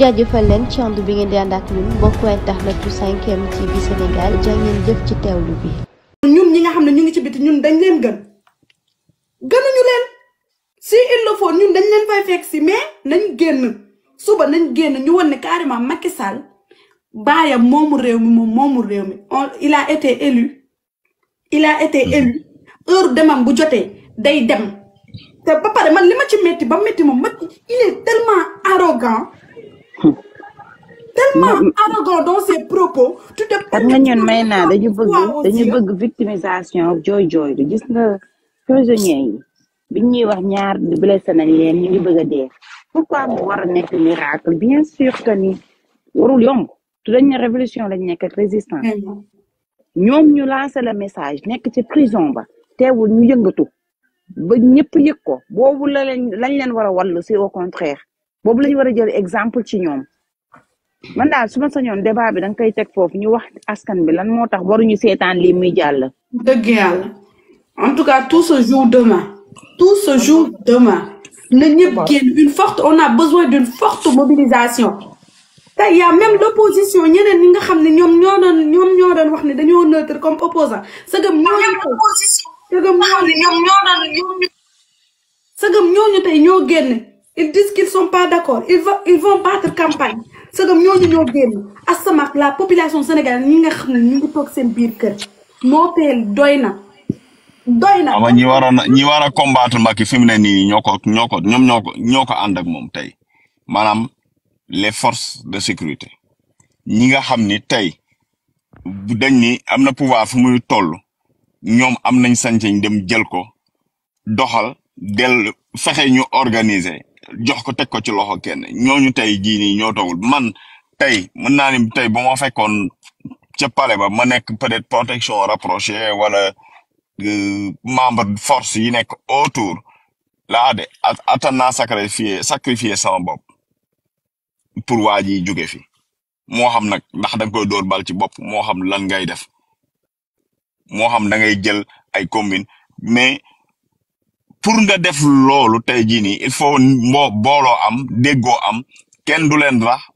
jaajëfal leen ci ànd bi ngeen di ànd ak ñun mbokku internetu 5M TV Sénégal jaa ngeen jëf ci teewlu bi. ñun ñi nga xam ne ñu ngi ci biti ñun dañ leen gën gënuñu leen si il le faut ñun dañ leen fay fekk si mais nañ génn suba nañ génn ñu wan ne carrément Macky Sall baayam moomu réew mi moom moomu réew mi on il a été élu il a été mhm. élu heure demam bu jotee day dem te ba pare man lima ma ci métti ba métti moom ma il est tellement arrogant. tellement arrogant dans ses propos. tu te xam may naa dañu bëgg dañu bëgg victimisation jooy jooy du gis nga prisonniers yi ñuy wax ñaar blessé nañ leen ñu bëgg a dee. pourquoi mu war a nekk miracle bien sûr que ni warul yomb tu dañ ne révolution lañ nekk ak résistance. Mm. ñoom ñu lancé le message nekk ci prison ba teewul ñu yëngatu ba ñëpp yëg ko boobu la lañ lañ leen war a wallu si au contraire boobu lañ war a jël exemple ci ñoom. man daal su ma sañoon débat bi da nga koy teg foofu ñu wax askan bi lan moo tax waruñu seetaan li muy jàll. dëgg yàlla en tout cas tout se joue demain. tout se jour demain. na ñëpp génn une forte o a besoin d'une forte mobilisation. tey y a même l'opposition ñeneen ñi nga xam ne ñoom ñoo doon ñoom ñoo doon wax ne dañoo neutre comme opposant sëgëm ñooñu sëgëm ñooñu sëgëm ñoo génn ils disent sont pas d'accord ils vont battre campagne. sëgam ñooñu ñoo génn asamak la population sénégalaise ñi nga xam ne ñu ngi toog seen biir kër moo teel doy na. doy na ama ñi war a ñi war a ne nii ñoo ko ñoo ko ñoo ko ànd ak moom tey maanaam les forces de sécurité ñi nga xam ni tey dañ ni am na pouvoir fu muy toll ñoom am nañ sañ dem jël ko doxal del fexe ñu organiser jox ko teg ko ci loxo kenn ñooñu tey jii nii ñoo tawul man tey mën naa ni tey bu ma fekkoon ca palais ba ma nekk peut-être protection rapprochée wala euh, membre force yi nekk autour laa de attan naa sacrifier sacrifier sama bopp pour waa ji jóge fi moo xam nag ndax da koy dóor bal ci bopp moo xam lan ngay def moo xam da jël ay combine mais pour nga def loolu tey jii nii il faut mbo booloo am déggoo am kenn du leen rax